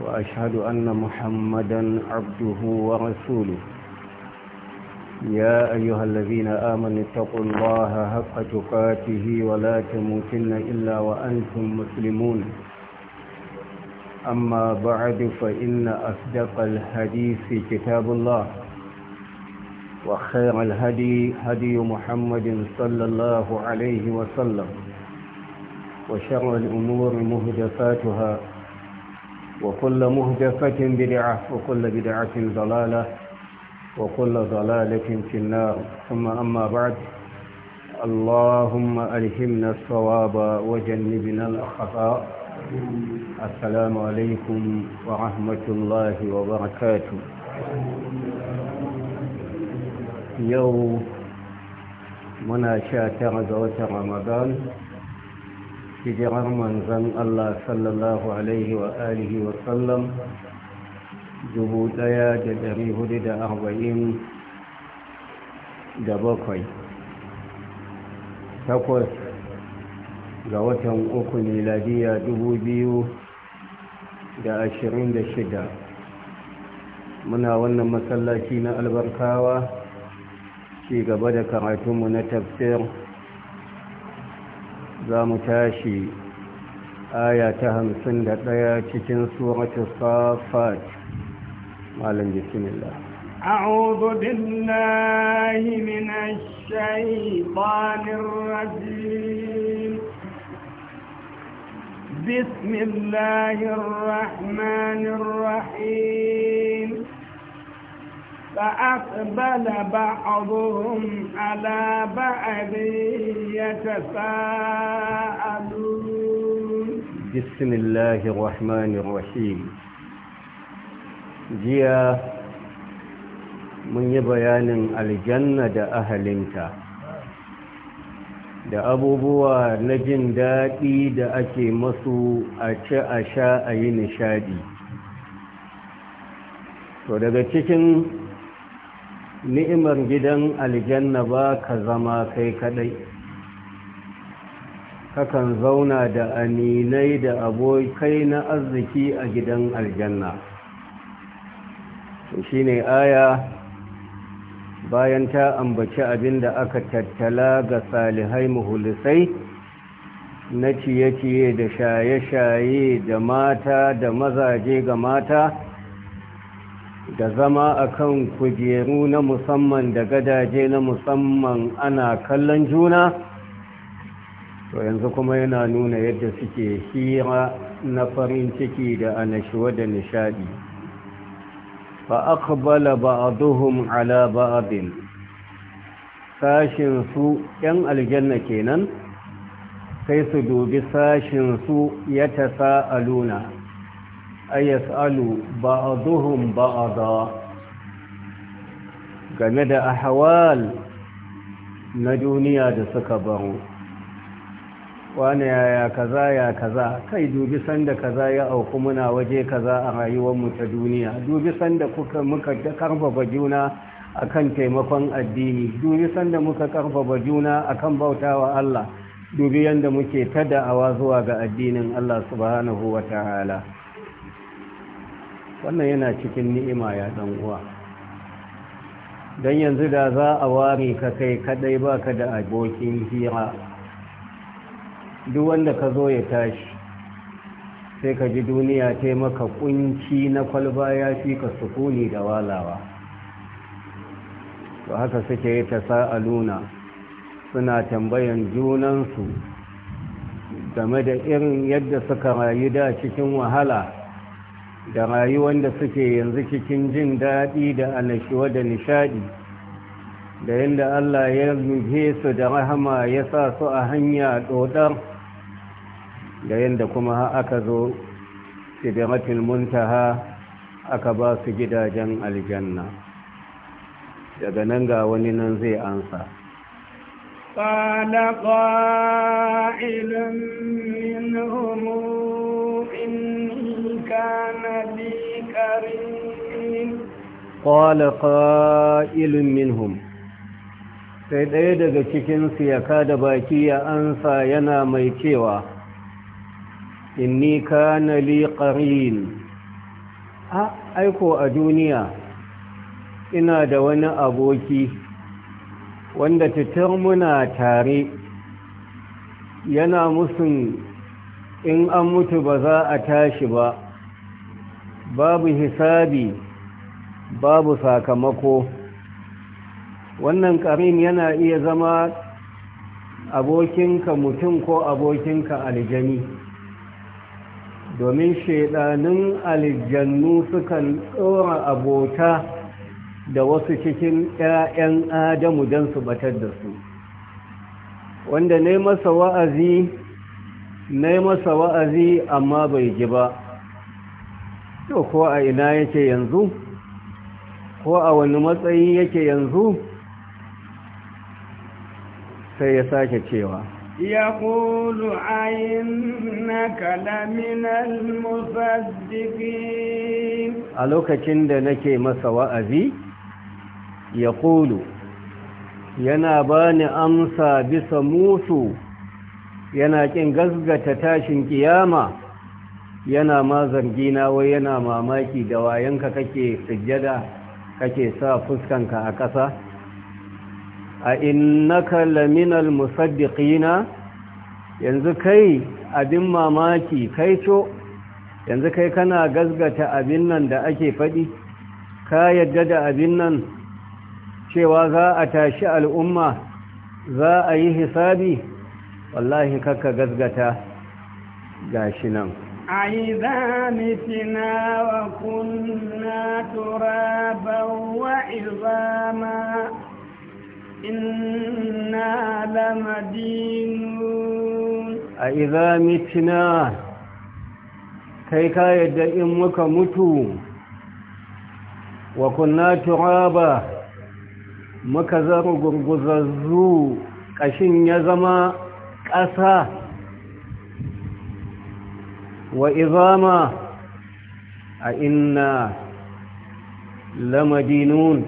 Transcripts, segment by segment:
وأشهد أن محمدا عبده ورسوله يا أيها الذين آمنوا اتقوا الله حق تقاته ولا تموتن إلا وأنتم مسلمون أما بعد فإن أصدق الحديث كتاب الله وخير الهدي هدي محمد صلى الله عليه وسلم وشر الأمور مهدفاتها وكل مهدفة بدعة وكل بدعة ضلالة وكل ضلالة في النار ثم أما بعد اللهم ألهمنا الصواب وجنبنا الأخطاء السلام عليكم ورحمة الله وبركاته يوم منا شاتر رمضان hijirar manzan Allah sallallahu Alaihi wa alihi wasallam dubu daya da dari hudu da arba'in da bakwai takwas ga watan uku miladiya dubu biyu da ashirin da shida muna wannan masallaci na albarkawa ci gaba da karatunmu na tafsir za mu tashi aya ta hamsin da ɗaya cikin suratun safat malam bismillah أعوذ بالله من الشيطان الرجيم بسم الله الرحمن الرحيم فأقبل بعضهم على بعض يتساءلون بسم الله الرحمن الرحيم جيا من يبيان الجنة أهلنتا da abubuwa na jin daɗi da ake masu a ci a sha a yi nishadi to daga cikin ni'imar gidan aljanna ba ka zama kai kadai kakan zauna da aninai da abokai na arziki a gidan aljanna shi ne aya bayan ta ambaci abin da aka tattala ga salihai muhulisai na ciye-ciye da shaye-shaye da mata da mazaje ga mata da zama a kan kujeru na musamman da gadaje na musamman ana kallon juna to yanzu kuma yana nuna yadda suke hira na farin ciki da anashuwa da nishadi fa aqbala ba'dhum ala ba'din sashin su yan aljanna kenan sai su dubi sashin su ya aluna ayas'alu a ba'dha game da ahwal na duniya da suka baro wani yaya kaza ya kaza kai dubi sanda kaza ya auku muna waje kaza a rayuwar mu ta duniya dubi sanda kuka muka karfafa juna akan taimakon addini dubi sanda muka karfafa juna akan bautawa Allah dubi yanda muke ta da'awa zuwa ga addinin Allah subhanahu wataala wannan yana cikin ni'ima ya dan uwa dan yanzu da za a ware ka kai kadai baka da abokin hira duk wanda ka zo ya tashi sai ka ji duniya ta maka kunci na kwalba ya fi ka sukuni da walawa to haka suke yi ta sa'aluna suna tambayan junansu game da irin yadda suka rayu da cikin wahala da rayuwar da suke yanzu cikin jin daɗi da annashuwa da nishadi da yadda Allah ya nufe su da rahama ya sa su a hanya ɗodar da yadda kuma aka zo sidiratul muntaha aka ba su gidajen aljanna daga nan ga wani nan zai ansa قال قائل منهم كان لي قرين قال قائل منهم sai ɗaya daga cikinsu ya kada baki ya ansa yana mai cewa inni kana li qarin a aiko a duniya ina da wani aboki wanda titir muna tare yana musun in an mutu ba za a tashi ba babu hisabi babu sakamako wannan karim yana iya zama abokinka mutum ko abokinka aljani domin shaidanin aljannu sukan tsora abota da wasu cikin 'ya'yan adamu don su batar da su wanda na masa wa'azi na masa wa'azi amma bai ji ba to ko a ina yake yanzu ko a wani matsayi yake yanzu sai ya sake cewa na عينك لمن المصدقين a lokacin da nake masa wa'azi kulu yana ba ni amsa bisa musu yana kin gazgata tashin ƙiyama. yana ma zargi na wai yana mamaki da wayanka kake sujjada kake sa fuskanka a ƙasa a innaka laminal musaddiqina yanzu kai abin mamaki kai yanzu kai kana gazgata abin nan da ake faɗi ka yadda da abin nan cewa za a tashi al'umma za a yi hisabi wallahi kakka gazgata gashi nan أئذا متنا وكنا ترابا وعظاما إنا لمدينون أئذا متنا kai ka yadda in muka mutu wa kunna turaba muka zama gurguzazzu ƙashin ya zama ƙasa وإظاما أئنا لمدينون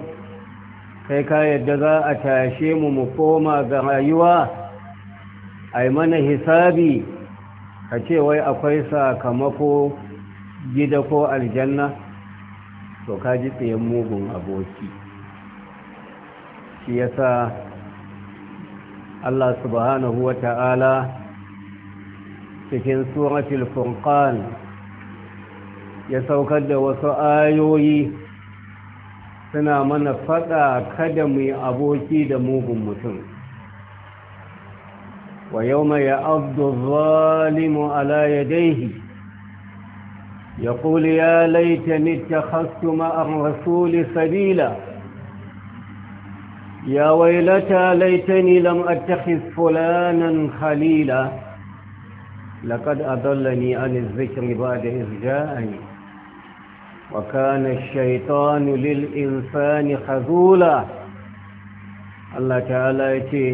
kai ka yadda za a tashe mu mu koma ga rayuwa Ai mana hisabi ka ce wai akwai sakamako gida ko aljanna to ka ji tsayen mugun aboki shi yasa Allah subhanahu wa ta'ala cikin suratul furqan ya saukar da wasu ayoyi suna mana faɗa kada mu yi aboki da mugun mutum wa yawma ya'dhu adh-dhalimu ala yadayhi yaqulu ya laytani takhassu ma'a rasuli sabila ya waylata laytani lam attakhiz fulanan khalila لقد أضلني عن الذكر بعد إذ جاءني وكان الشيطان للإنسان خذولا الله تعالى يتي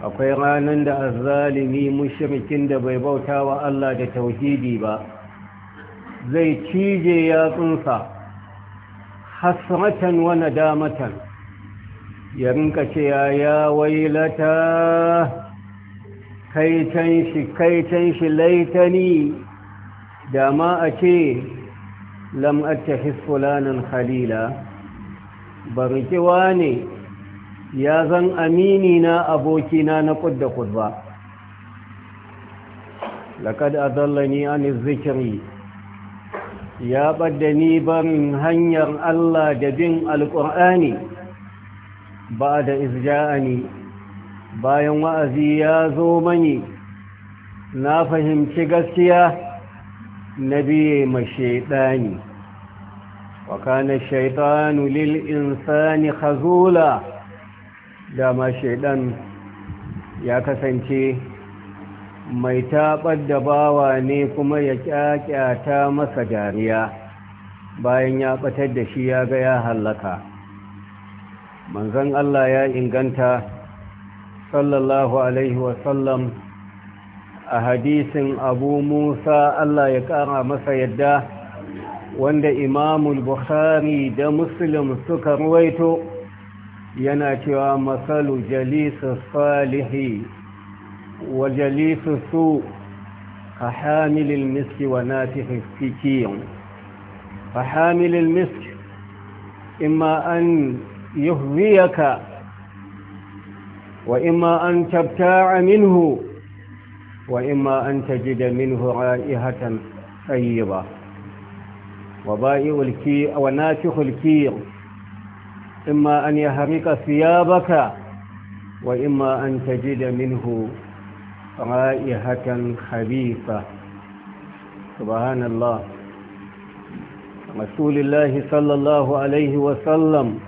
akwai ranar da azzalimi mushrikin da bai bauta wa Allah da tauhidi ba zai cije yatsunsa hasratan wa nadamatan ya rinka ce ya wailata kai can shi shi laitani da ma a ce lam attakhis khalila barkiwa ne ya zan amini na abokina na kudda kudba laqad adallani an zikiri, ya ni barin hanyar Allah da bin Alƙur'ani ba da izja'ani bayan wa'azi ya zo mani na fahimci gaskiya na biye ma shaidani wa kane shaidanu lil insani Da ma shaidan ya kasance mai taɓar da bawa ne kuma ya ƙyaƙyata masa dariya bayan ya ɓatar da shi ya ga ya hallaka manzon Allah ya inganta sallallahu alaihi wasallam a hadisin abu musa Allah ya ƙara masa yadda wanda imamul bukhari da muslim suka ruwaito yana cewa masalu jalisu salihi wa jalisu su ka hamilin miski wa natihin fikiyin fa hamilin miski imma an yuhziyaka وإما أن تبتاع منه وإما أن تجد منه رائحة طيبة وبائع الكير وناشخ الكير إما أن يحرق ثيابك وإما أن تجد منه رائحة خبيثة سبحان الله رسول الله صلى الله عليه وسلم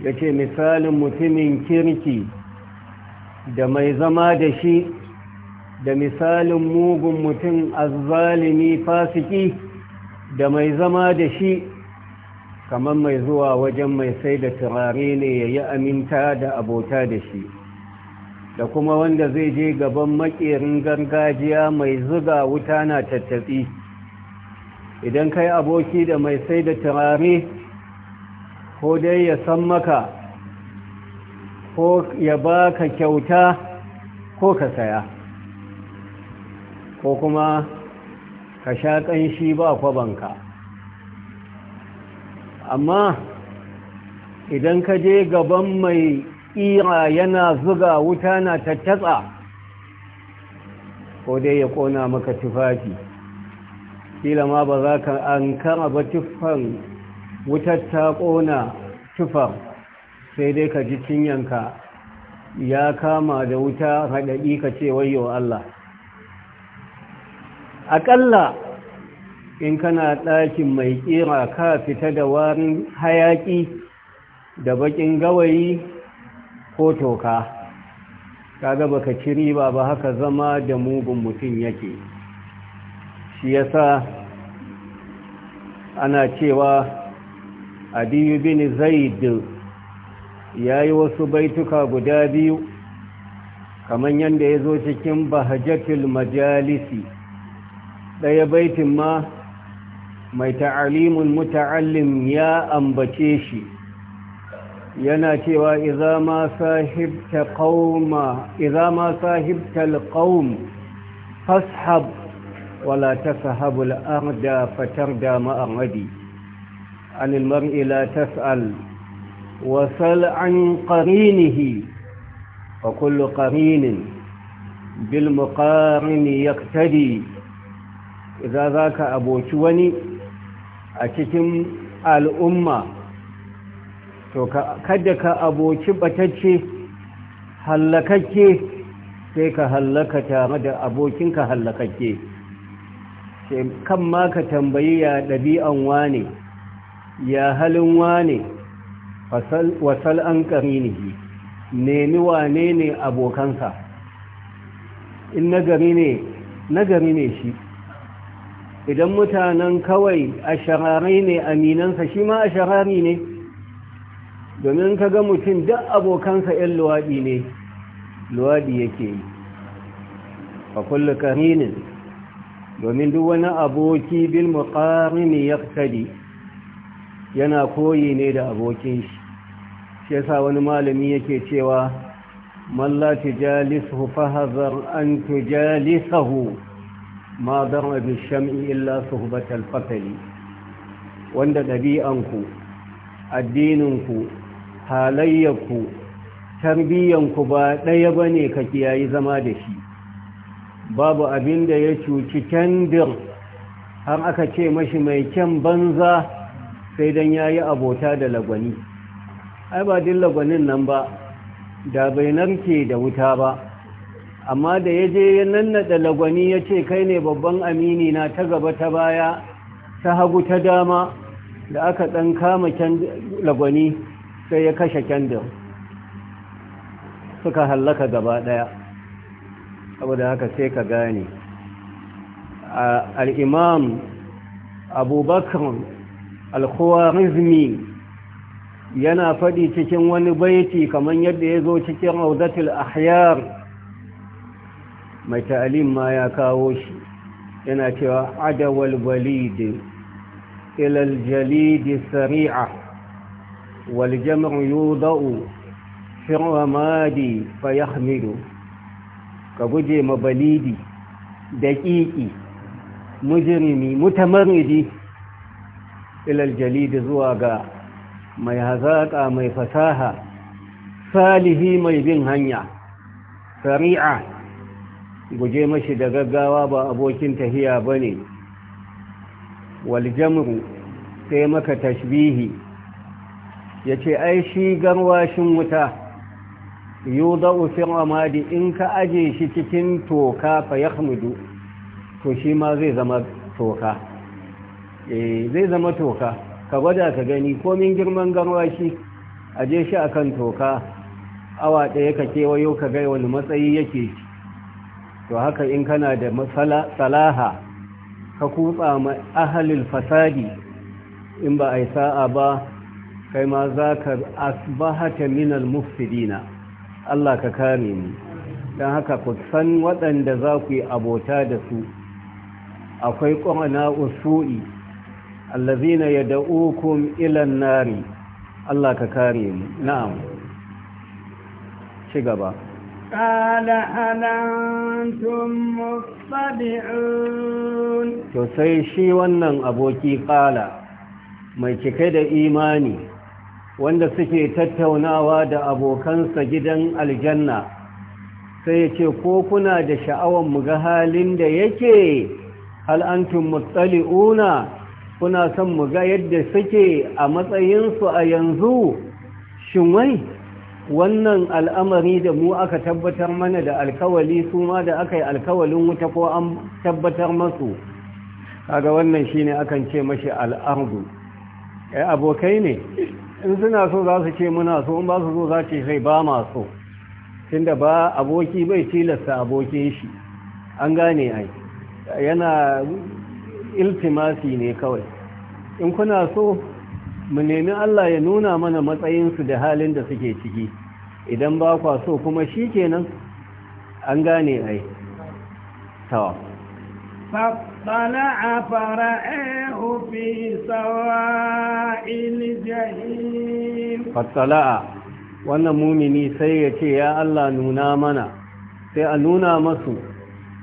yake مثال متمن كيركي da mai zama da shi da misalin mugun mutum azzalimi fasiki da mai zama da shi kamar mai zuwa wajen mai sai da turare ne ya yi aminta da abota da shi da kuma wanda zai je gaban makerin gargajiya mai zuga wuta na tattatsi idan kai aboki da mai sai da turare ko dai ya san maka ko ya ba ka kyauta ko ka saya ko kuma ka sha ƙanshi ba kwabanka amma idan ka je gaban mai ƙira yana zuga wuta na tattatsa ko dai ya ƙona maka tufafi kila ma ba za ka an kama ba tuffan wutar ta ƙona tufar sai dai ka ji cinyanka ya kama da wuta haɗaɗi ka ce wayo Allah aƙalla in kana ɗakin mai ƙira ka fita da warin hayaƙi da baƙin gawayi ko toka kaga baka ci riba ba haka zama da mugun mutum yake shi yasa ana cewa adiyu bin Zaidu. ya yi wasu baituka guda biyu kamar yadda ya zo cikin bahajatul majalisi ɗaya baitin ma mai ta'alimun muta'allim ya ambace shi yana cewa iza ma sahibta qauma fashab wala ta al-arda fatar da ma'amadi. an ilmar ila tas'al Wasal an ƙarinahi a kullum ƙarinan, bil mu ƙarin niyyar taɗi, za za ka aboki wani a cikin al'umma? To kada ka aboki ɓatacce, halakakke sai ka halla ka tare da abokinka halla kake, sai kan ma ka tambayi ya ɗabi'an wane, ya halin wane. wasal an karinihi nemi wane ne abokansa in nagari ne nagari ne shi idan mutanen kawai a sharari ne aminansa shi ma a sharari ne domin ka ga mutum duk abokansa 'yan luwaɗi ne luwaɗi yake yi a kulle ƙarinin, domin duk wani aboki bil muƙarini ya yana koyi ne da abokin shi shi yasa wani malami yake cewa man Jalisu tujalisu fahazar an tujalisahu ma darra bi sham'i illa suhbatal fatali wanda ɗabi'anku, addininku halayyarku tarbiyyanku ba ɗaya bane ka kiyayi zama da shi babu abin da ya cuci kyandir har aka ce mashi mai kyan banza sai don ya yi abota da lagwani ai ba dilla gwanin nan ba da bai narke da wuta ba amma da ya je ya nannaɗa lagwani ya ce kai ne babban amini na ta gaba ta baya ta hagu ta dama da aka ɗan kama lagwani sai ya kashe kyandir suka hallaka gaba ɗaya saboda haka sai ka gane al'imam abubakar al-khawarizmi yana faɗi cikin wani baiti kamar yadda ya zo cikin audatul ahyar mai ta'alim ma ya kawo shi yana cewa adawal balidi ilal jalidi sari'a wal jam'u yudau fi ramadi fayahmidu ka guje ma balidi daƙiƙi mujrimi mutamarridi ilal jalidi zuwa ga mai hazaƙa mai fasaha salihi mai bin hanya sari'a guje mashi da gaggawa ba abokin tahiya ba ne waljamru sai maka tashbihi ya ce ai shi garwashin wuta yau za'ufin amadi in ka aje shi cikin toka fa ya to shi ma zai zama toka eh, ka gwada ka gani komin girman garwashi a je shi akan toka awa ɗaya ka kewayo ka gai wani matsayi yake to haka in kana da salaha ka kutsa ma ahalil fasadi in ba a yi sa'a ba kai ma za ka asbahata minal mufsidina Allah ka kare ni don haka ku san waɗanda za ku yi abota da su akwai ƙwana usu'i allazina yad'ukum ila an-nari Allah ka kare mu na'am ci gaba قال mustabi'un to sai shi wannan aboki qala mai cike da imani wanda suke tattaunawa da abokansa gidan aljanna sai ya ce ko kuna da sha'awar mu ga halin da yake hal antum mustali'una kuna son mu ga yadda suke a matsayinsu a yanzu shin wai wannan al'amari da mu aka tabbatar mana da alkawali su ma da aka yi alkawalin wuta ko an tabbatar masu kaga wannan shine akan ce mashi al'ardu ai eh, abokai ne in suna so za su ce muna so in ba su so za ce sai ba ma so tunda ba aboki bai tilasta abokin shi an gane ai yana iltimasi ne kawai in kuna so mu nemi Allah ya nuna mana matsayinsu da halin da suke ciki idan ba kwa so kuma shi kenan an gane ai tawa فاطلع wannan mumini sai ya ce ya Allah nuna mana sai a nuna masu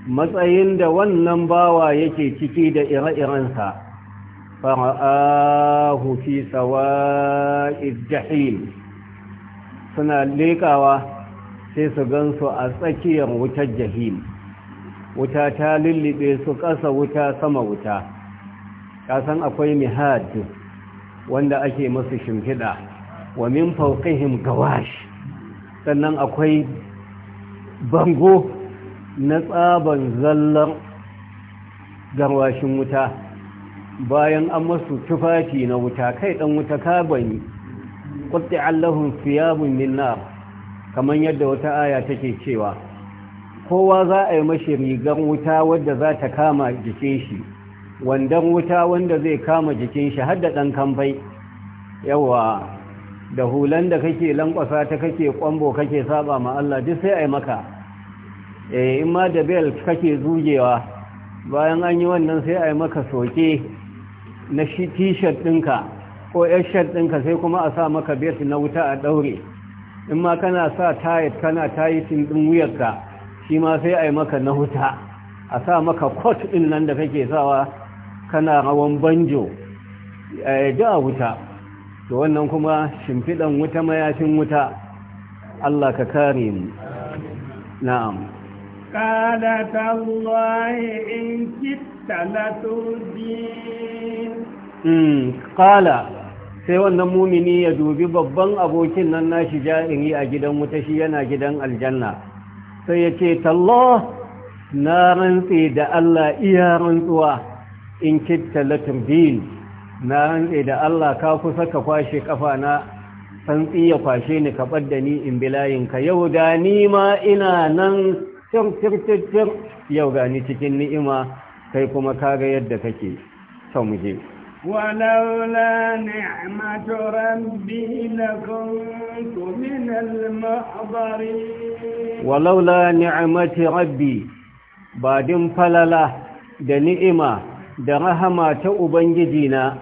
matsayin da wannan bawa yake ciki da ire-irensa fara'ahu fi sawa'iz jahim suna leƙawa sai su gansu a tsakiyar wutar jahim wuta ta lullube su ƙasa wuta sama wuta kasan akwai mihad wanda ake masu shimfiɗa wa min fauqihim gawash sannan akwai bango na tsaban zallar garwashin wuta bayan an masu tufafi na wuta kai ɗan wuta ka bani qatti allahum thiyabun min yadda wata aya take cewa kowa za a yi mashi rigar wuta wadda za ta kama jikin shi wandan wuta wanda zai kama jikin shi hadda ɗan kamfai yawa da hulan da kake lankwasa ta kake kwambo kake saba ma Allah duk sai a yi maka eh in ma da bel kake zugewa bayan an yi wannan sai a yi maka soke na shi t-shirt ɗinka ko shirt ɗinka sai kuma a sa maka bet na wuta a ɗaure in ma kana sa tayit kana tayitin ɗin wuyarka shi ma sai a yi maka na wuta a sa maka kot ɗin nan da kake sawa kana rawan banjo eh, a wuta to wannan kuma shimfiɗan wuta mayafin wuta Allah ka kare mu na'am قال تالله إن كدت لتردين قال sai wannan mumini ya dubi babban abokin nan nashi ja'iri a gidan wuta shi yana gidan aljanna sai ya ce tallah na rantse da Allah iya rantsuwa in kitta laturdin na rantse da Allah ka kusa ka kwashe kafa na san ya kwashe ni ka da ni in bilayin ka yau da ni ma ina nan tirtirtirtir yau gani cikin ni'ima kai kuma kaga yadda kake sau muje rabbi نعمة ربي لكنت من المحضرين ni'mati rabbi ba din falala da ni'ima da rahama ta ubangiji na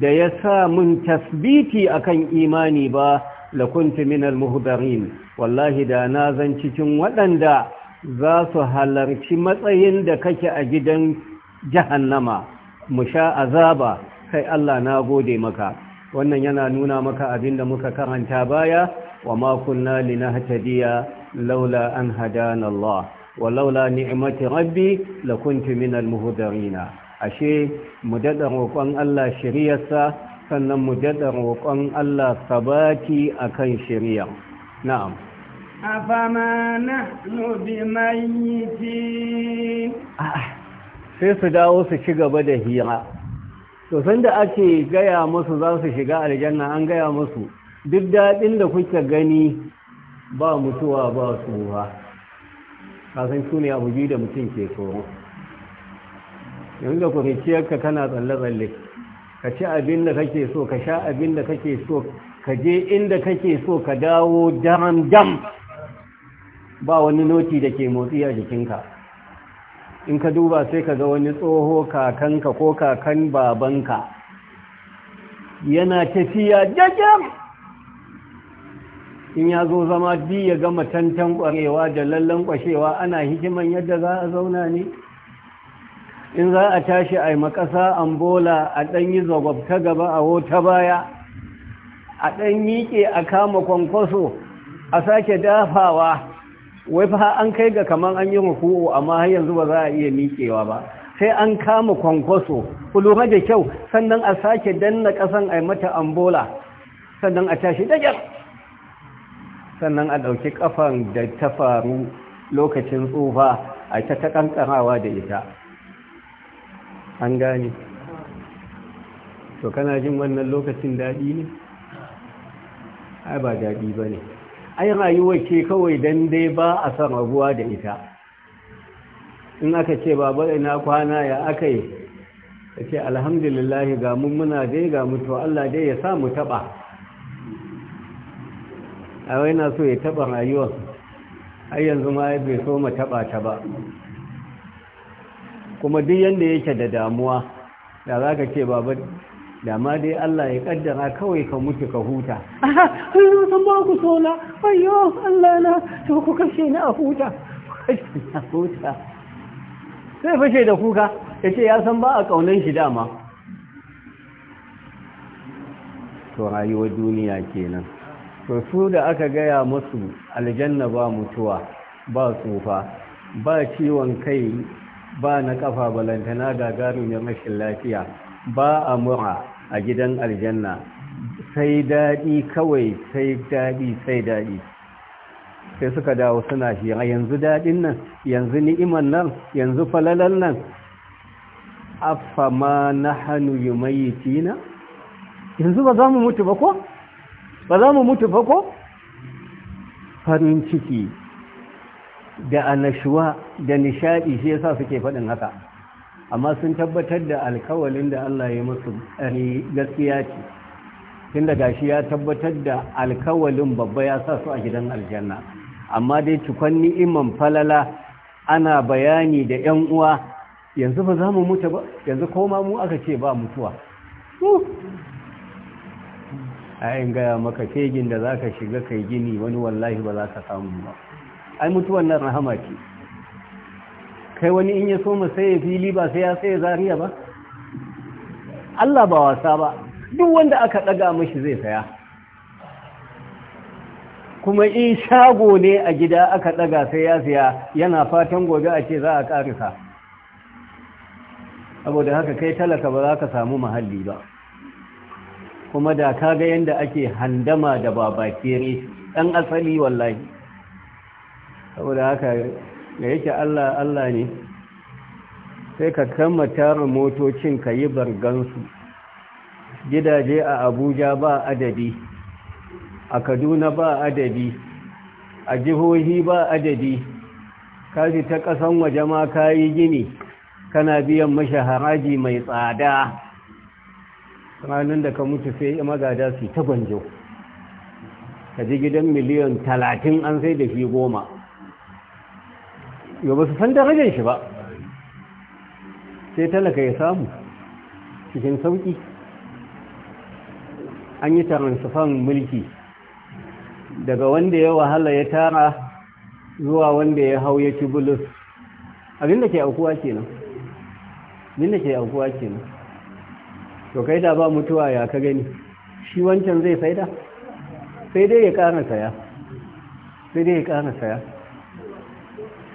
da ya sa mun tasbiti akan imani ba lakuntu al muhdarin wallahi da na zan cikin waɗanda za su halarci matsayin da kake a gidan jahannama mu sha azaba kai Allah na gode maka wannan yana nuna maka abin da muka karanta baya wa ma kunna linahtadiya laula an hadana Allah wa laula ni'mati rabbi lakuntu min muhdarina ashe mu dada roƙon Allah shiriyarsa sannan mu dada roƙon Allah sabati akan shirya. na'am afama nahnu bimayyitin sai su dawo su ci gaba da hira to da ake gaya musu za su shiga aljanna an gaya musu duk daɗin da kuka gani ba mutuwa ba tsuwa kasan su ne abu biyu da mutum ke tsoro yanzu da kuriciyarka kana tsalle-tsalle ka ci abin da kake so ka sha abin da kake so ka je inda kake so ka dawo dam dam ba wani noti da ke motsi a jikinka in ka duba sai ka ga wani tsoho kakanka ko kakan babanka yana tafiya jajjam in ya zo zama di ya gama tantan kwarewa da lallan kwashewa ana hikiman yadda za a zauna ne in za a tashi a yi makasa ambola a ɗanyi zagwabta gaba a wata baya a ɗan ke a kama kwankwaso a sake dafawa wai fa an kai ga kaman an yi rufu amma har yanzu ba za a iya miƙewa ba sai an kama kwankwaso ku lura da kyau sannan a sake danna ƙasan a mata ambola sannan a tashi dajar sannan a ɗauki ƙafan da ta faru lokacin tsufa a ta ta ƙanƙarawa da ita an gane to kana jin wannan lokacin daɗi ne ai ba daɗi ba ne ai rayuwar ke kawai dan dai ba a san rabuwa da ita in aka ce baba ina kwana ya aka yi ka ce alhamdulillah ga mun muna dai ga mutu Allah dai ya sa mu taɓa a wai na so ya taɓa rayuwar ai yanzu ma bai so mu ta ba kuma duk yanda yake da damuwa da za ka ce baba da ma dai Allah ya kaddara kawai ka mutu ka huta ai san ba ku sona ayyo Allah na to ku kashe ni a huta sai fashe da kuka ya ce ya san ba a kaunan shi dama to rayuwar duniya kenan to su da aka gaya musu aljanna ba mutuwa ba tsufa ba ciwon kai ba na kafa balantana garin rashin lafiya ba a mura a gidan aljanna sai daɗi kawai sai daɗi sai daɗi sai suka dawo suna shi a yanzu daɗin nan yanzu ni'iman nan yanzu falalan nan ma na hannu yi mai tina yanzu ba za mu mutu ba ko? ba za mu mutu ba ko? farin ciki da annashuwa da nishaɗi shi yasa suke faɗin haka amma sun tabbatar da alkawalin da Allah ya musu eh, gaskiya ce tun da gashi ya tabbatar da alkawalin babba ya sa su a gidan aljanna amma dai cikon ni'iman falala ana bayani da yan uwa yanzu ba za mu mutu ba yanzu koma mu aka ce ba mutuwa ayin gaya maka fegin da za ka shiga kai gini wani wallahi ba za ka samu ba ai mutuwan nan rahama ce kai wani in ya so mu fili ba sai ya saye zariya ba Allah ba wasa ba duk wanda aka daga mashi zai saya kuma in shago ne a gida aka ɗaga sai ya saya yana fatan gobe a ce za a karisa saboda haka kai talaka ba za ka samu muhalli ba kuma da ka ga yadda ake handama da babakere ɗan asali wallahi saboda haka da yake Allah Allah ne sai ka kama tara motocin ka yi bargansu gidaje a abuja ba adadi a kaduna ba adadi a jihohi ba adadi kaji ta kasan waje ma kayi gini kana biyan mashi haraji mai tsada ranar da ka mutu sai magada su ta gwanjo ka ji gidan miliyan talatin an sai da fi goma yau ba su san darajar shi ba sai talaka ya samu cikin sauki an yi taransufan mulki daga wanda ya wahala ya tara zuwa wanda ya hau ya ci bulus abinda ke aukuwa abinda ke aukuwa nan to kai da ba mutuwa ya ka gani shi wancan zai faida? sai dai ya kara saya sai dai ya kara saya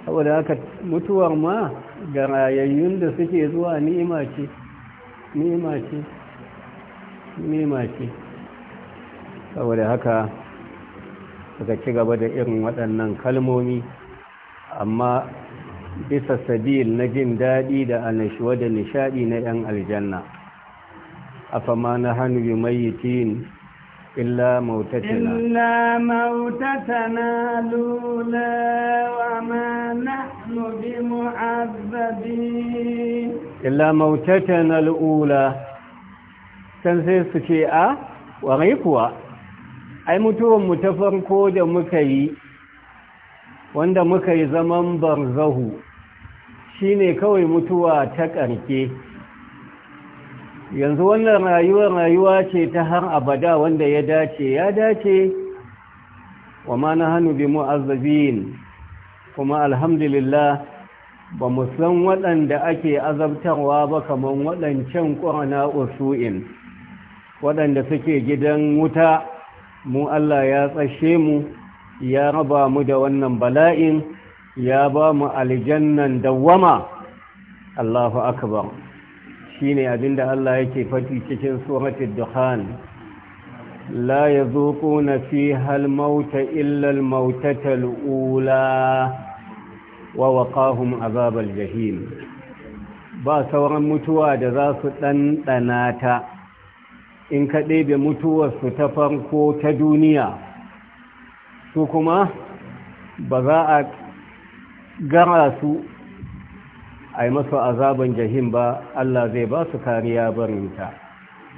saboda haka mutuwar ma ga rayayyun da suke zuwa ni'ima ce ni'ima ce ni'ima ce saboda haka suka ci gaba da irin waɗannan kalmomi amma bisa sabil na jin daɗi da annashuwa da nishaɗi na 'yan aljanna fama na hannu yi إلا موتتنا إلا موتتنا لولا وما نحن بمعذبين إلا موتتنا الأولى تنسيسك أه وريكوا ai mutuwanmu ta farko da muka yi wanda muka yi zaman barzahu shine kawai mutuwa ta ƙarke yanzu wannan rayuwar rayuwa ce ta har abada wanda ya dace ya dace wa ma na hannu bi mu'azzabin kuma alhamdulillah ba mu san waɗanda ake azabtarwa ba kamar waɗancan ƙorana usu'in waɗanda suke gidan wuta mu Allah ya tsashe mu ya raba mu da wannan bala'in ya ba mu aljannan dawwama Allahu akbar shine abinda Allah yake faɗi cikin suratul duhan la yazuquna fiha al-mauta illa al-mautata al-ula wa waqahum azabar jahim ba sauran mutuwa da za su ɗanɗana ta in ka ɗebe mutuwarsu ta farko ta duniya su kuma ba za a gara su a yi masu azaban jahim ba Allah zai ba su kariya barinta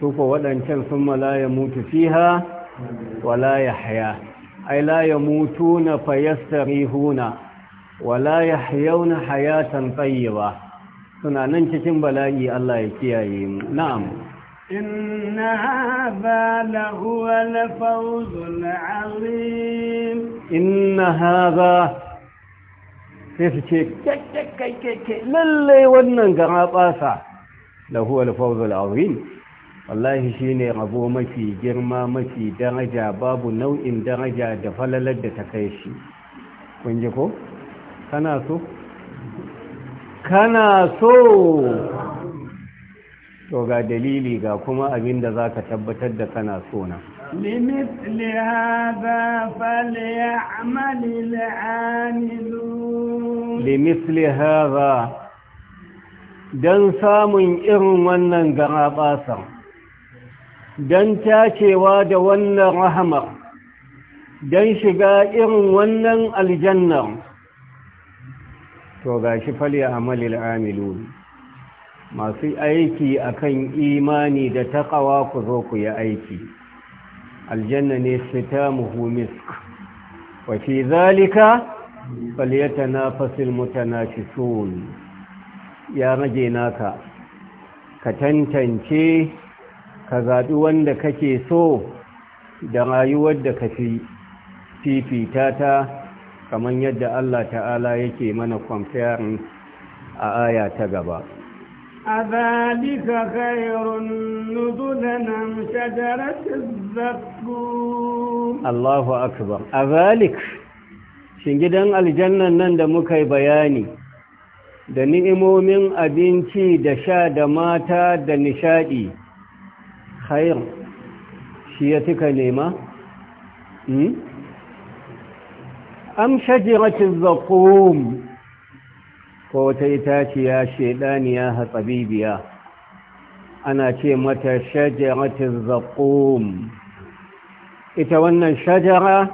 su ko waɗancan sun mala ya mutu fiha wala ya haya ai la ya mutu na fayastarihuna wala ya hayauna hayatan tsayewa suna nan cikin bala'i Allah ya kiyaye mu na'am إن هذا لهو sai su ce kyakkyakkyakke lalle wannan gara basa huwa alfawzul azim wallahi ne rabo mafi girma mafi daraja babu nau'in daraja da falalar da ta kai shi kun ko kana so kana so to ga dalili ga kuma abin da za ka tabbatar da kana so na لمثل هذا فليعمل samun irin wannan garaɓasa don tacewa da wannan rahamar don shiga irin wannan aljannar to ga shi fali amalil amilu masu aiki akan imani da taƙawa ku zo ku yi aiki aljanna ne sitamuhu misk wa fi zalika falyatanafasul mutanafisun ya rage naka ka tantance ka zaɓi wanda kake so da rayuwar da ka fi fifita ta kamar yadda Allah ta'ala yake mana kwamfiyarin a aya ta gaba أذلك خير نزلا أم شجرة الزقوم الله أكبر أذلك shingidan aljannan nan da muka yi bayani da ni'imomin abinci da sha da mata da nishadi khair shi ya tuka nema am shajaratin zaqum ko wata itaciya shaidaniya hatsabibiya ana ce mata shajaratin zaƙum ita wannan shajara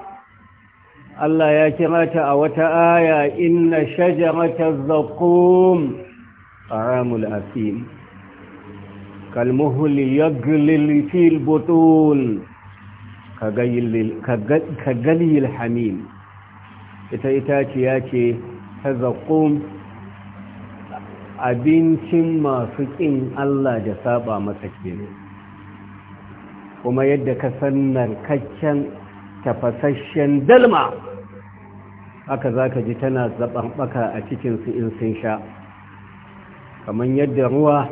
Allah ya kira ta a wata aya inna shajaratar zaƙum ƙaramul asim kalmuhul yaglil fil butun kagalil hamim ita itaciya ce ta zaƙum abincin masu ƙin Allah da saba masa kenan kuma yadda ka san narkaccen tafasasshen dalma haka zaka ji tana zaɓaɓɓaka a cikinsu in sun sha kamar yadda ruwa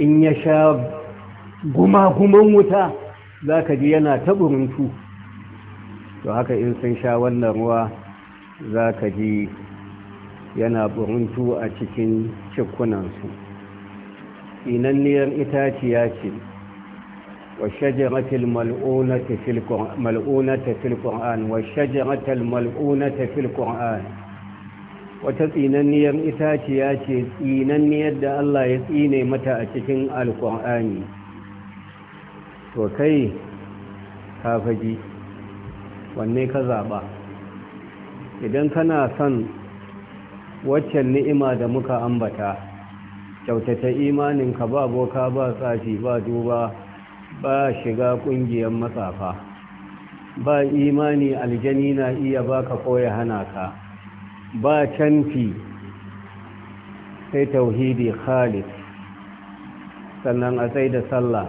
in ya sha guma-guman wuta zaka ji yana taɓurintu to haka in sun sha wannan ruwa zaka ka ji yana buruntu a cikin cikunansu inanniyar itaciya ce wa shajaratul mal'unata fil qur'an wa shajaratul fil qur'an wata tsinanniyar itaciya ce tsinanniyar da Allah ya tsine mata a cikin alqur'ani to kai kafaji wanne ka zaba idan kana son waccan ni'ima da muka ambata kyautata imaninka ba boka ba tsafi ba duba ba shiga ƙungiyar matsafa ba imani aljani na iya baka koya hana ka ba canfi sai tauhidi khalid sannan a tsaye da sallah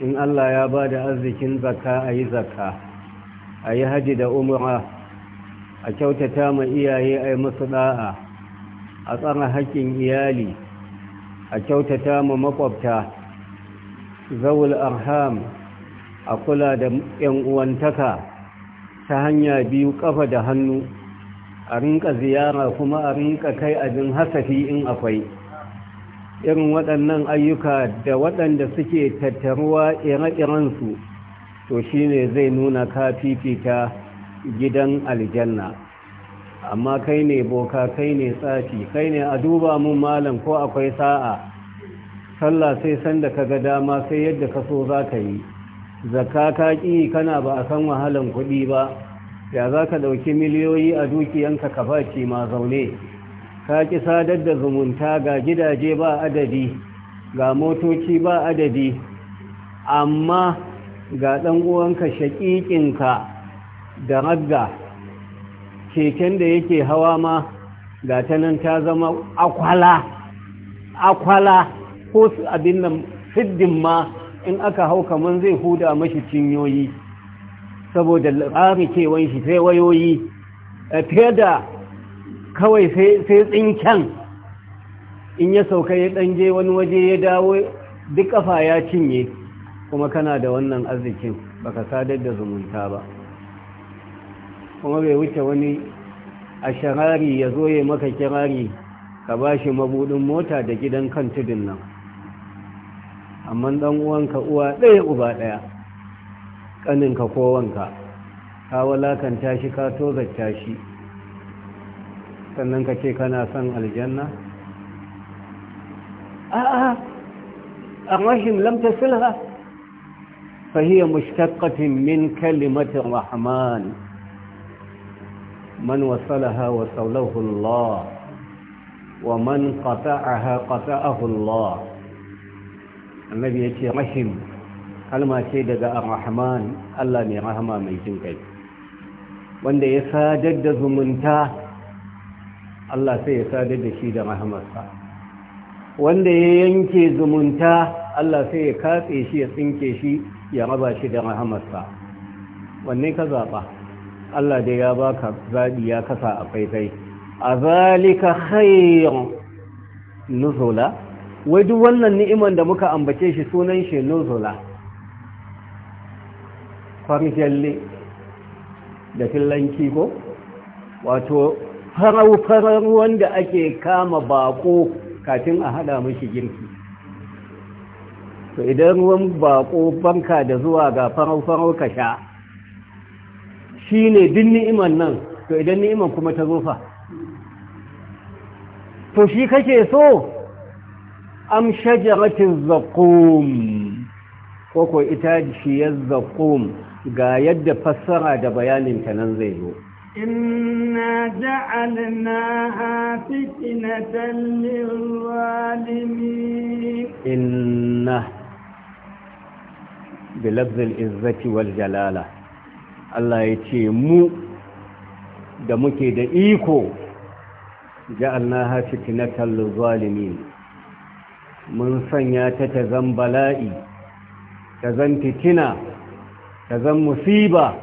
in Allah ya ba da arzikin zakka a yi zakka a yi haji da umura. a kyautata ma iyaye a yi musu da'a a tsara haƙƙin iyali a kyautata ma makwabta zawul arham a kula da 'yan uwantaka ta hanya biyu ƙafa da hannu a rinka ziyara kuma a rinka kai abin hasafi in akwai irin waɗannan ayyuka da waɗanda suke tattaruwa ire-irensu to shine zai nuna ka fifita gidan aljanna amma kai ne boka kai ne tsafi kai ne a duba mun malam ko akwai sa'a sallah sai sanda kaga kaga dama sai yadda ka so za ka yi zakka ka ƙi kana ba a san wahalan kuɗi ba ya za ka ɗauki miliyoyi a dukiyanka ka baci ma zaune ka ƙi sadar da zumunta ga gidaje ba adadi ga motoci ba adadi amma ga ɗan uwanka shaƙiƙinka da ragga keken da yake hawa ma ga ta nan ta zama akwala akwala ko abin nan fiddin ma in aka hau kaman zai huda mashi cinyoyi saboda tsarikewan shi sai wayoyi a fiye da kawai sai tsinken in ya sauka ya ɗanje wani waje ya dawo duk ƙafa ya cinye kuma kana da wannan arzikin baka sadar da zumunta ba kuma bai wuce wani a shahari ya zo ya maka kirari ka ba shi mabudin mota da gidan kan tudun nan amma dan uwanka uwa ɗaya uba ɗaya ƙaninka ko wanka ka walakanta shi ka tozarta shi sannan ka ce kana son aljanna a'a a rashin lamta sulha fahiyar mushtaqqatin min kalimatin rahman من وصلها وصله الله ومن قطعها قطعه الله النبي يتي رحم kalma ce daga ar-rahman Allah mai rahama mai jin kai wanda ya sadar da zumunta Allah sai ya sadar da shi da rahamarsa wanda ya yanke zumunta Allah sai ya katse shi ya tsinke shi ya raba shi da rahamarsa wanne ka zaɓa. Allah dai ya baka zaɗi ya kasa a faifai a zalika khairun nuzula wai wannan ni'iman da muka ambace shi sunan shi nuzula farjalle da fillanki ko wato farau-farar wanda ake kama bako kafin a haɗa mashi girki to idan ruwan bako banka da zuwa ga farau-farau ka sha shi ne din ni'iman nan to idan ni'imar kuma ta zofa to shi kake so am shajaratin zakum ko ko ita shi ya zakum ga yadda fassara da bayanin ta nan zai zo inna ja'alnaha fitnatan lilwalimin inna bilabzil izzati wal jalala Allah ya ce mu da muke da iko Allah ha fitnatal zalimin mun sanya ta ta zan bala'i ta zan fitina ta zan musiba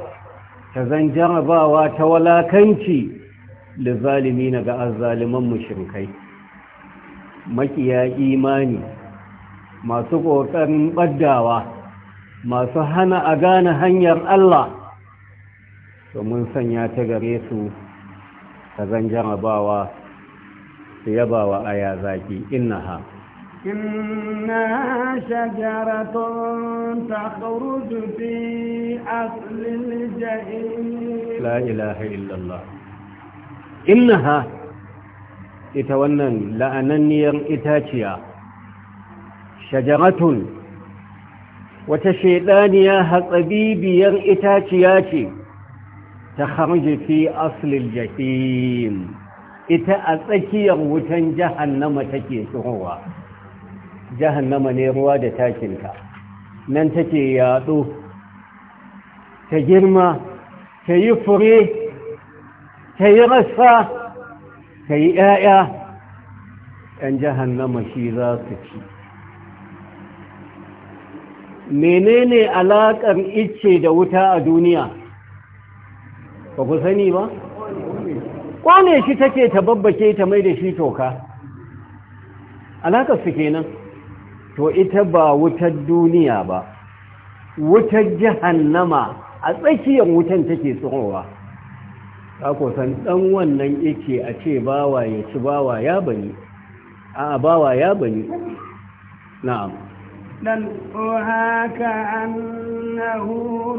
ta zan jarabawa ta walakanci da zalimi na ga azzaliman mushrikai makiya imani masu ƙoƙarin ɓaddawa masu hana a gane hanyar Allah mun sanya ta gare su ta zan jama'awa su yaba aya zaki inna ha inna shajaratun ta ƙaruru fi asilin jahil la'ilaha illallah inna ha ita wannan la'ananniyar itaciya shajaratun wata shaidaniya hatsabibiyar itaciya ce ta kharji fi aslil ita a tsakiyar wutan nama take tsohowa nama ne ruwa da takinta nan take yaɗo ta girma ta yi fure ta yi rasa ta yi ‘ya'ya ‘yan jahannama shi za su ci menene alaƙar ice da wuta a duniya ba ku sani ba kwane shi take ta babbake ta mai da shi toka su kenan to ita ba wutar duniya ba wutar jihannama a tsakiyar wutan take tsirowa ta kusan dan wannan yake a ce bawa ya ci bawa ya bani a bawa ya bani na'am تلقها كأنه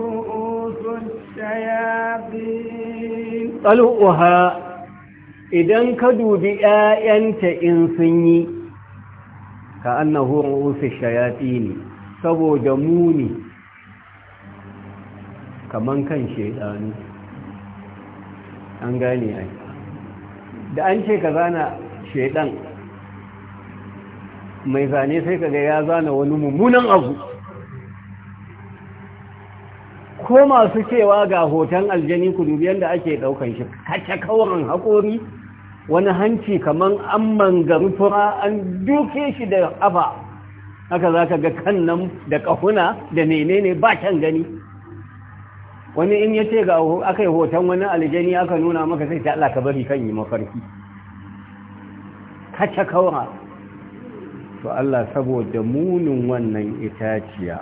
رؤوس الشياطين طلقها idan ka dubi 'ya'yanta in sun yi ka annahu ru'usu shayati ne saboda muni kaman kan shaidanu an gane ai da an ce ka zana shaidan mai zane sai kaga ya zana wani mummunan abu ko masu cewa ga hoton aljani ku dubi yadda ake daukan shi kace kawarin hakori wani hanci kamar an mangaru fura an duke shi da kafa haka ka ga kan nan da kahuna da menene ba can gani wani in yace ga akai hoton wani aljani aka nuna maka sai ta alaka bari kan yi mafarki kace kawara to Allah saboda munin wannan itaciya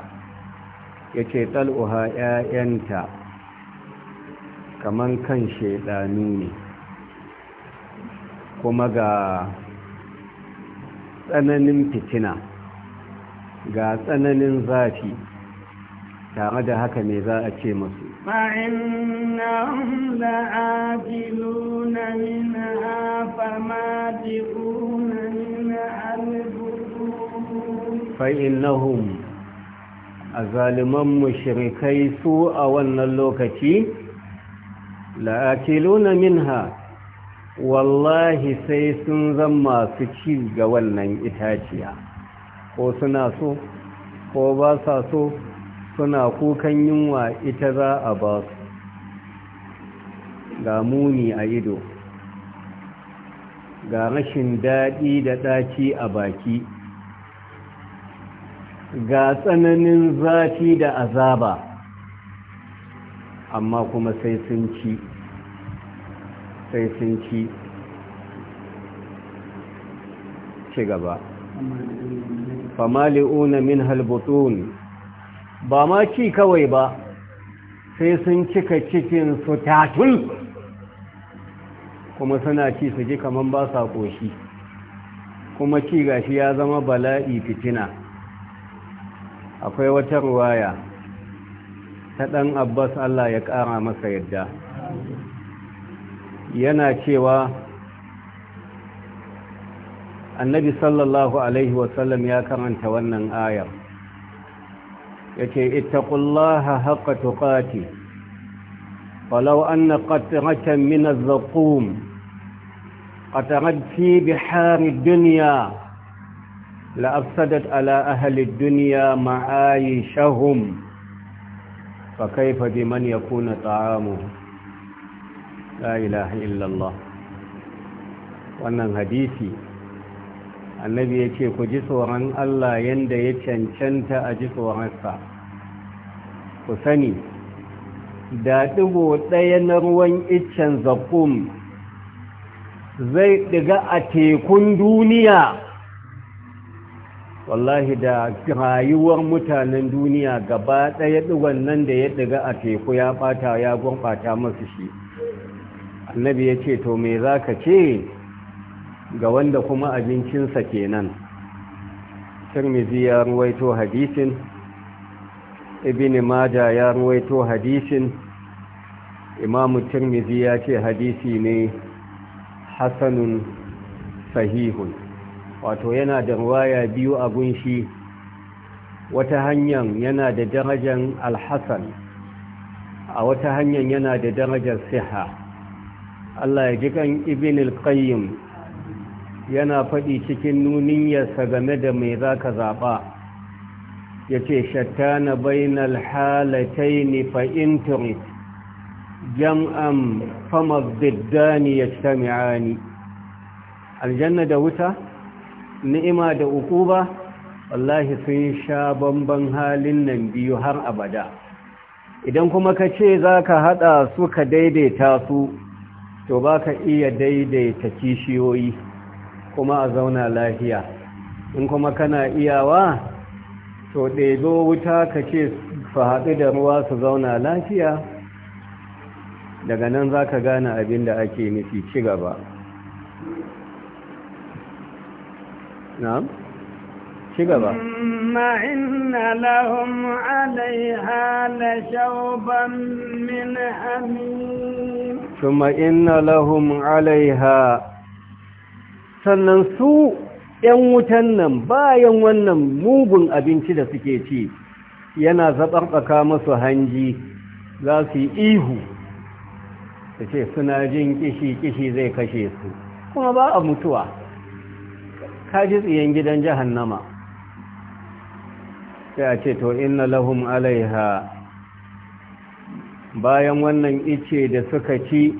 ya ce tal'uha ‘ya'yanta kaman kan shaidanu ne kuma ga tsananin fitina ga tsananin zafi tare da haka ne za a ce masu فإنهم لآكلون منها فماتئون منها البطون فإنهم su a wannan lokaci لآكلون minha wallahi sai sun zan masu ci ga wannan itaciya ko suna so ko ba sa so suna kukan yunwa ita za a ba su ga muni a ido ga rashin daɗi da ɗaci a baki ga tsananin zafi da azaba amma kuma sai sun ci sai sun ci ci gaba famali'una min halbutun ba ma ci kawai ba sai sun cika cikin su tatul kuma suna ci su ji kamar ba sa koshi kuma ci gashi ya zama bala'i fitina akwai wata ruwaya ta ɗan abbas allah ya ƙara masa yadda yana cewa annabi sallallahu alaihi wasallam ya karanta wannan ayar yake ittaqullaha haqqa tuqati walau anna qatratan min az-zaqum qatarat fi bihar ad-dunya لأفسدت على أهل الدنيا معايشهم فكيف بمن يكون طعامه لا إله إلا الله wannan hadisi annabi ya ce ku ji tsoron Allah yadda ya cancanta a ji tsoronsa ku sani da ɗigo ɗaya na ruwan iccen zakkum zai ɗiga a tekun duniya wallahi da rayuwar mutanen duniya gaba ɗaya ɗigon nan da ya ɗiga a teku ya ɓata ya gurɓata masu shi annabi ya ce to me za ka ce ga wanda kuma abincinsa kenan tirmizi ya ruwaito hadisin ibn maja ya ruwaito hadisin imamu tirmizi ya ce hadisi ne hasanun sahihun wato yana da ruwaya biyu a gunshi wata hanyar yana da darajar alhassan a wata hanyar yana da darajar siha Allah ya ji kan ibn al-qayyim yana faɗi cikin nuniyarsa game da mai za ka zaɓa ya ce shattana bainal halatai ne fa'in jam'an famar diddani ya sami'ani aljanna da wuta ni'ima da ukuba wallahi sun sha bamban halin nan biyu har abada idan kuma ka ce za ka haɗa su ka daidaita su to ba ka iya daidaita kishiyoyi kuma a zauna lafiya in kuma kana iyawa to ɗebo wuta ka ce su haɗu da ruwa su zauna lafiya daga nan za ka gane abin da ake nufi ci gaba na'am ci gaba ma inna عليها لشوبا من shawban min hamim لهم عليها sannan su ‘yan wutan nan bayan wannan mugun abinci da suke ci yana zaɓarɓaka masu hanji za su yi ihu da ce suna jin kishi-kishi zai kashe su kuma ba a mutuwa ka tsiyan gidan jahannama sai a ce to inna lahum alaiha bayan wannan ice da suka ci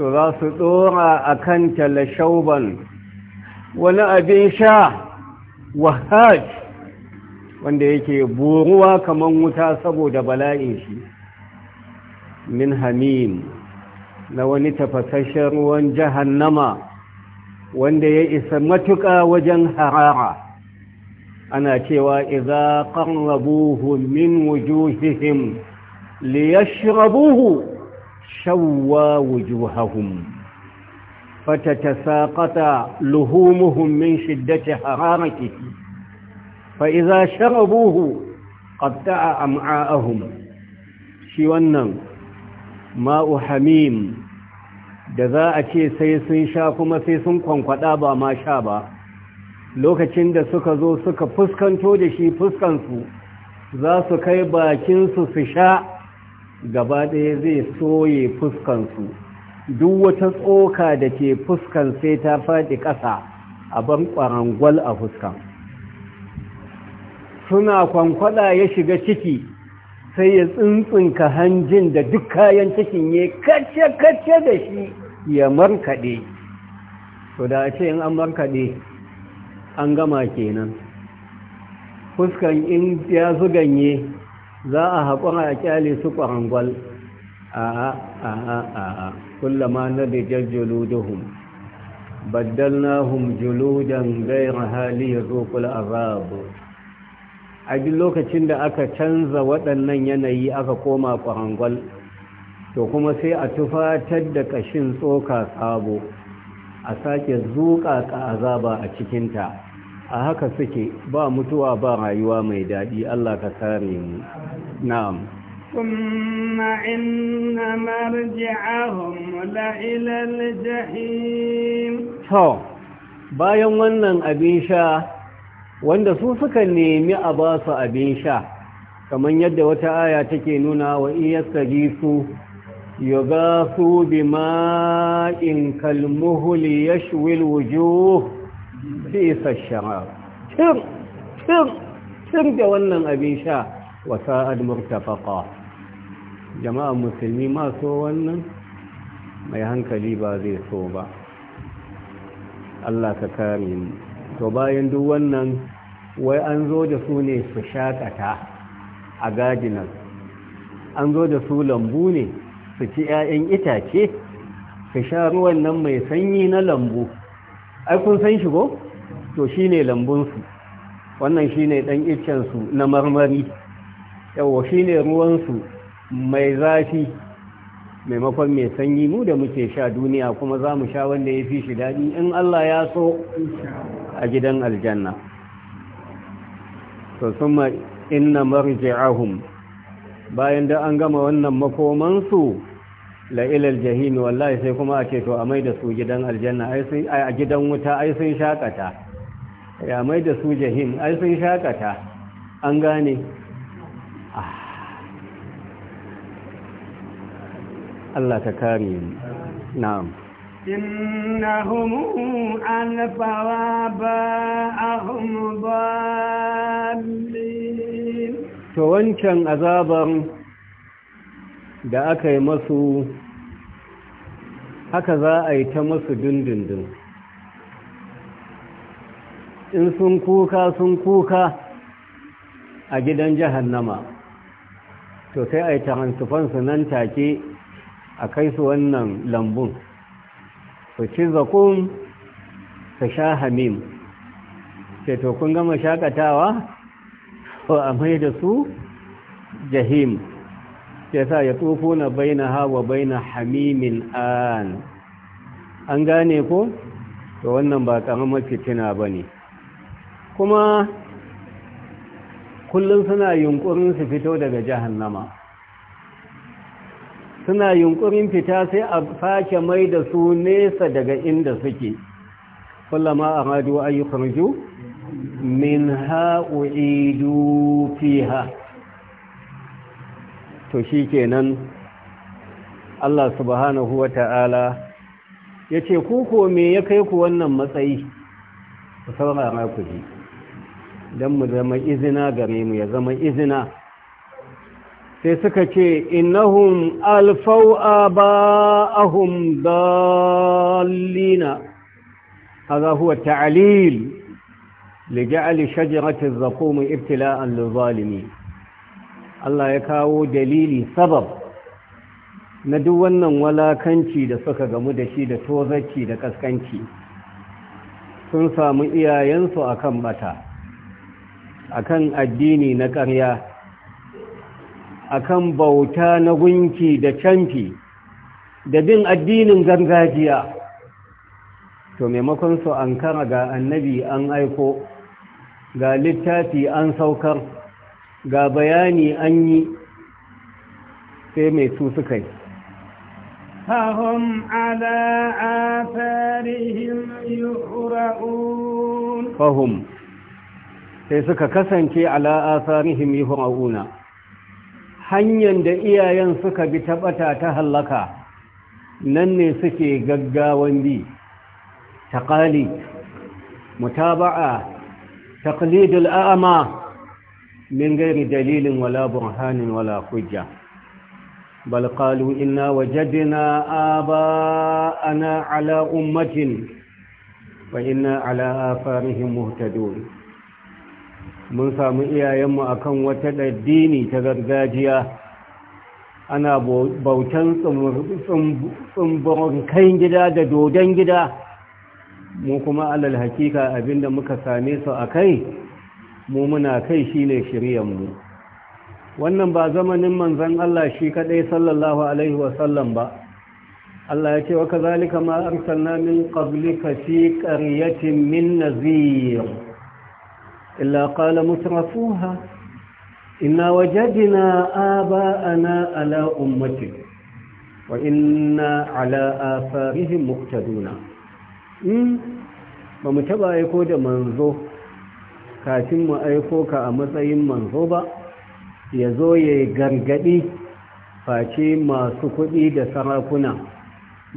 to za su dora a kan talashauban wani abin sha wahaj wanda yake buruwa kamar wuta saboda bala'in shi min hamim na wani tafasashen ruwan jahannama wanda ya isa matuƙa wajen harara ana cewa iza qarrabuhu min wujuhihim liyashrabuhu shawwa wujuhahum fatatasaqata luhumuhum min shiddati hararatihi fa idza sharabuhu qatta'a am'a'ahum shi wannan ma'u da za a ce sai sun sha kuma sai sun kwankwada ba ma sha ba lokacin da suka zo suka fuskanto da shi fuskansu za su kai bakinsu su sha gaba ɗaya zai soye fuskansu duk wata tsoka da ke fuskan sai ta faɗi ƙasa a ban ƙwarangwal a fuskan suna kwankwada ya shiga ciki sai ya tsuntsunka hanjin da duk kayan cikin ya kace-kace da shi ya markaɗe to da a ce in an markaɗe an gama kenan fuskan in ya ganye za a haƙura a kyale su ƙwarangwal a a a a a kullama na da jajjalo na baddalnahum juludan gairar hali ya zo kula a duk lokacin da aka canza waɗannan yanayi aka koma ƙwarangwal to kuma sai a tufatar da kashin tsoka sabo a sake zuƙa ka azaba a cikinta a haka suke ba mutuwa ba rayuwa mai daɗi Allah ka kare mu na'am Kuma marji'ahum la ila al-jahim to bayan wannan abin sha wanda su suka nemi a ba abin sha kamar yadda wata aya take nuna wa jisu يغاثوا بماء كالمهل يشوي الوجوه بئس الشراب شر شر شر da wannan abin sha wa sa'ad murtafaqa jama'a musulmi ma so wannan mai hankali ba zai so ba Allah ka kare mu to bayan duk wannan wai an zo da su ne su shakata a gadinan an zo da su lambu ne su ci 'ya'yan itace su sha ruwan nan mai sanyi na lambu ai kun san shi ko to ne lambunsu wannan shi ne dan iccensu na marmari shi ne ruwansu mai zafi maimakon mai sanyi mu da muke sha duniya kuma za mu sha wanda ya fi shi daɗi in Allah ya so a gidan aljanna to summa inna marji'ahum bayan da an gama wannan makomansu la ilal jahimi wallahi sai kuma a ce to a mai da su gidan aljanna ai a gidan wuta ai sun shakata ya mai da su jahim ai sun shakata an gane ah. Allah ta kare mu, na'am إنهم أنفوا باءهم ضالين to wancan azaban da aka yi masu haka za a yi ta masu dindindin in sun kuka sun kuka a gidan jahannama to sai a yi ta hansufansu nan take a kai su wannan lambun su ci zakun su sha hamim ce to kun gama shakatawa ko a mai da su jahim shi yasa ya tufu na bai na hawa bai na hamimin an an gane ko to wannan ba mafi fitina ba ne kuma kullum suna yunkurin su fito daga jahannama suna yunkurin fita sai a sake mai da su nesa daga inda suke kullama a radu ayyukan ju min ha'u'idu ha. to shi kenan Allah subhanahu wa ta'ala ya ce kuko me ya kai ku wannan matsayi ku saurara ku ji don mu zama izina gare mu ya zama izina sai suka ce innahum alfau aba'ahum dallina haza huwa ta'alil li ja'ali shajaratiz ibtila'an lizalimin Allah ya kawo dalili sabab na duk wannan walakanci da suka gamu da shi da tozarci da kaskanci sun samu iyayensu akan bata kan addini na ƙarya akan bauta na gunki da canfi da bin addinin gargajiya to maimakon su an kara ga annabi an aiko ga littafi an saukar ga bayani an yi sai mai su suka yi fahim sai suka kasance ala yi hura'una hanyar da iyayen suka bi taɓata ta hallaka nan ne suke gaggawan bi taqali mutaba'a taqlidul A'ama. min gairi dalilin wala burhanin wala hujja bal qalu inna wajadna aba'ana ala ummatin wa ala afarihim muhtadun mun samu iyayenmu akan wata dadini ta gargajiya ana bautan tsumburin kayan gida da dodon gida mu kuma alal hakika abinda muka same su a kai mu muna kai shine shiryan mu wannan ba zamanin manzon Allah shi kadai sallallahu alaihi wasallam ba Allah ya ce wa kazalika ma arsalna min qablika fi qaryatin min nazir illa qala mutrafuha inna wajadna aba'ana ala ummatin wa inna ala atharihim muqtaduna hmm, ba mu taba aiko da manzo kafin mu aiko ka a matsayin manzo ba ya zo ya gargaɗi, face masu kuɗi da sarakuna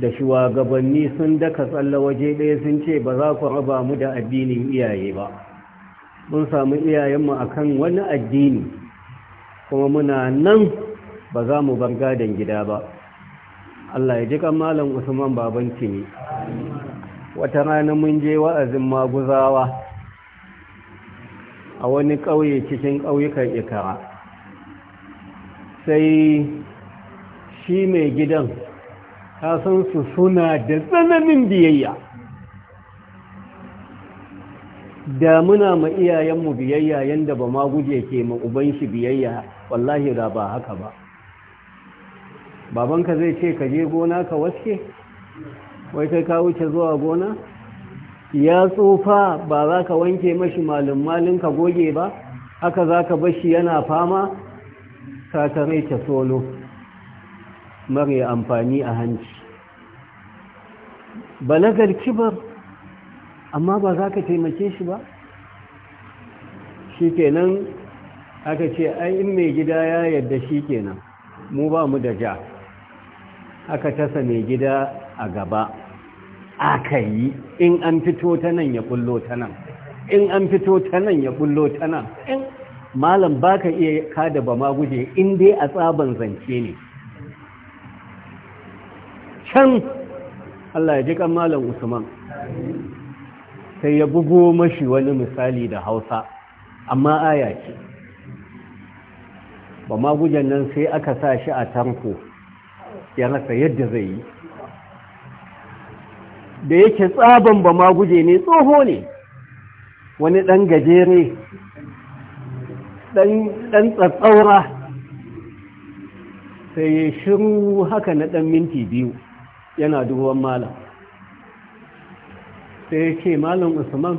da shugabanni sun daka tsalle waje ɗaya sun ce ba za ku raba mu da addinin iyaye ba mun samu iyayenmu a kan wani addini kuma muna nan ba za mu bar gadon gida ba Allah ya ji malam usman babanci ne wata rana mun je wa'azin maguzawa a wani ƙauye cikin ƙauyukan ikara sai shi mai gidan san su suna da tsananin biyayya da muna ma iyayenmu biyayya yadda ba ma guje ke ma uban shi biyayya wallahi da ba haka ba babanka zai ce ka je gona ka waske wai kai ka wuce zuwa gona ya tsufa ba za ka wanke mashi malin malin ka goge ba haka za ka bashi yana fama sakarai ta solo mara amfani a hanci balagar kibar amma ba za ka taimake shi ba Shikenan kenan aka ce ai in mai gida ya yadda shi kenan mu ba mu da ja aka tasa mai gida a gaba aka yi in an fito ta nan ya kullo ta nan in an fito ta nan ya kullo ta nan in malam baka iya kada ba ma in dai a tsaban zance ne can Allah ya ji kan malam Usman sai ya bugo mashi wani misali da Hausa amma aya ce ba ma nan sai aka sa shi a tanko ya rasa yadda zai yi da yake tsaban ba ma guje ne tsoho ne wani ɗan gajere ɗan tsatsaura sai ya shiru haka na ɗan minti biyu yana duwan malam sai ya ce malam usman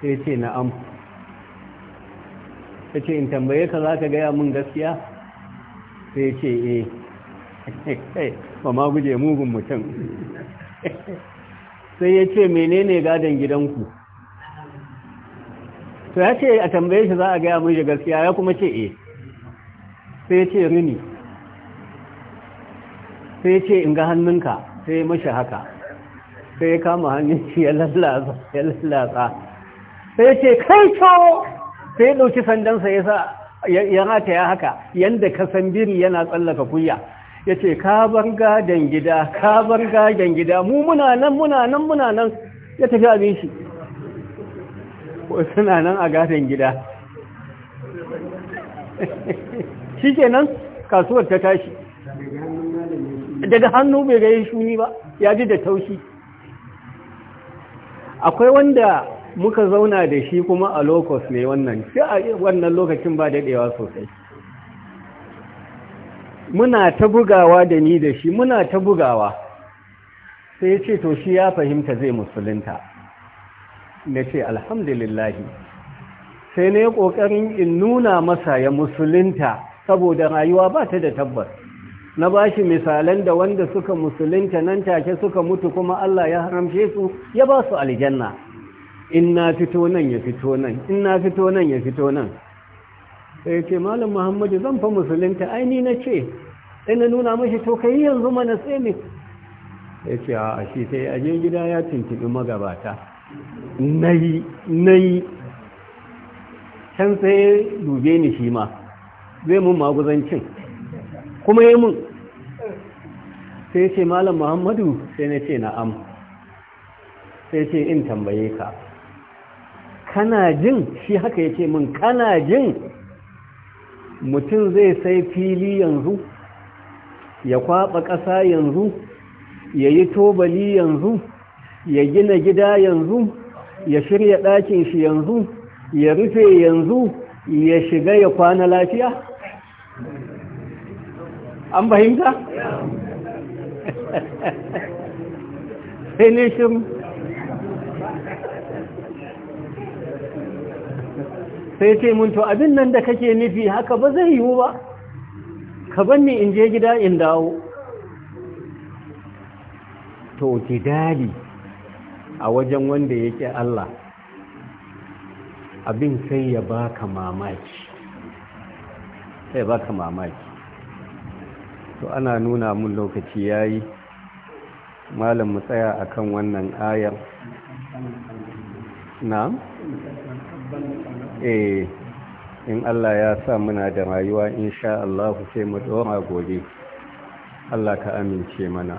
sai ya ce na'am ya ce in tambaye ka za ka gaya mun gaskiya sai ya ce eh ba ma guje mugun mutum sai ya ce menene gadon gidanku to ya ce a tambaye shi za a gaya mishi gaskiya ya kuma ce eh sai ya ce rini sai ya ce in ga hannunka sai mashi haka sai ya kama hannun shi ya lalata. sai ya ce kai co sai ya ɗauki sandansa ya sa, ya haka yadda ka san biri yana tsallaka kuya ya ce ka bar gadon gida ka bar gadon gida mu muna nan muna nan muna nan ya tafi abin shi suna nan a gadon gida shi ke nan kasuwar ta tashi daga hannu bai gaye shuni ba ya ji da taushi akwai wanda muka zauna da shi kuma a locus ne wannan shi a wannan lokacin ba daɗewa sosai muna ta bugawa da ni da shi muna ta bugawa sai ya ce to shi ya fahimta zai musulunta na ce alhamdulillahi sai na ƙoƙarin in nuna masa ya musulunta saboda rayuwa ba ta da tabbas na ba shi misalan da wanda suka musulunta nan take suka mutu kuma Allah ya haramce su ya ba su aljanna in na fito nan ya fito nan in na fito nan ya fito nan sai ce malam muhammadu zan fa musulunta aini na ce sai na nuna mashi to kai yanzu mana tsemi ya ce a shi sai aje gida ya tuntuɓi magabata Na yi can sai dube ni shi ma zai mun maguzancin kuma yi mun sai ce malam muhammadu sai na ce na'am sai ce in tambaye ka kana jin shi haka ya ce min kana jin mutum zai sai fili yanzu ya kwaɓa ƙasa yanzu ya yi tobali yanzu ya gina gida yanzu ya shirya ɗakin shi yanzu ya rufe yanzu ya shiga ya kwana lafiya an bahimta? sai ne shirin sai ce mun to abin nan da kake nufi haka ba zai yiwu ba ka banni in je gida in dawo to jidali a wajen wanda yake Allah abin sai ya baka mamaki sai baka mamaki to ana nuna mun lokaci yayi malam mu tsaya akan wannan ayar na'am eh in Allah ya sa muna da rayuwa in sha Allah sai mu dora gobe Allah ka amince mana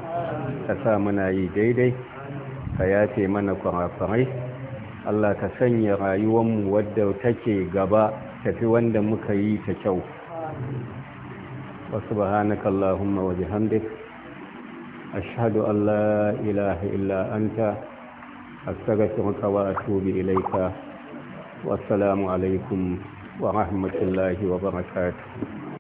ka sa muna yi daidai ka yafe mana kwarafarai Allah ka sanya rayuwanmu wadda take gaba tafi wanda muka yi ta kyau wasu bahanakallahumma wa bihamdika أشهد أن لا إله إلا a أستغفرك وأتوب إليك wasu alamu alaikum wa rahimtullahi wa barakatuhu